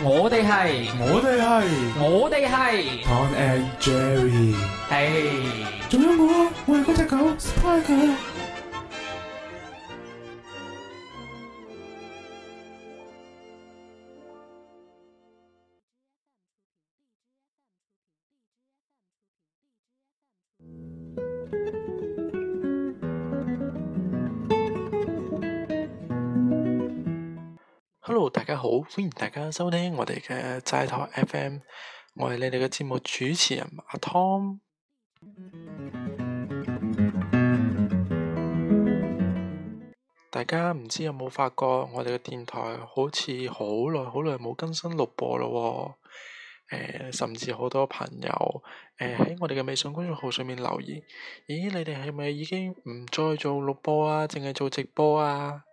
我哋係，我哋係，我哋係。Tom and Jerry，係、哎。仲有我，我係嗰隻狗，Spike。Hello，大家好，歡迎大家收聽我哋嘅齋台 FM。我係你哋嘅節目主持人阿湯。Tom、大家唔知有冇發覺，我哋嘅電台好似好耐好耐冇更新錄播咯、哦。誒、呃，甚至好多朋友喺、呃、我哋嘅微信公眾號上面留言，咦，你哋係咪已經唔再做錄播啊？淨係做直播啊？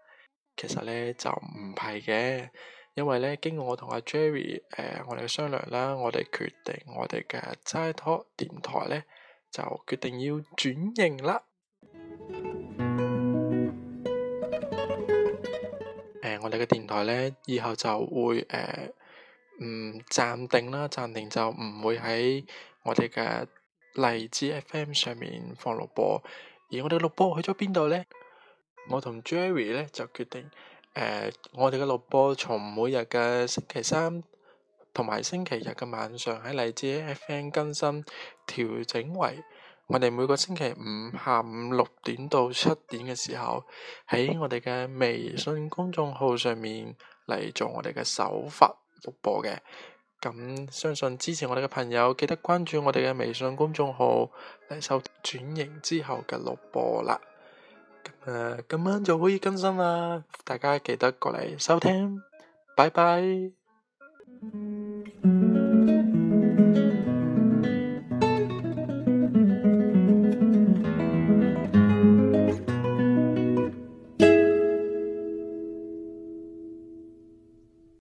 其實咧就唔係嘅，因為咧經過我同阿 Jerry 誒、呃、我哋嘅商量啦，我哋決定我哋嘅齋 talk 電台咧就決定要轉型啦。誒、呃，我哋嘅電台咧以後就會誒嗯、呃、暫停啦，暫停就唔會喺我哋嘅荔枝 FM 上面放錄播，而我哋錄播去咗邊度咧？我同 Jerry 咧就決定誒、呃，我哋嘅錄播從每日嘅星期三同埋星期日嘅晚上喺荔枝 FM 更新調整為我哋每個星期五下午六點到七點嘅時候喺我哋嘅微信公眾號上面嚟做我哋嘅首發錄播嘅。咁相信支持我哋嘅朋友記得關注我哋嘅微信公眾號嚟首轉型之後嘅錄播啦。咁誒，uh, 今晚就可以更新啦！大家記得過嚟收聽，拜拜。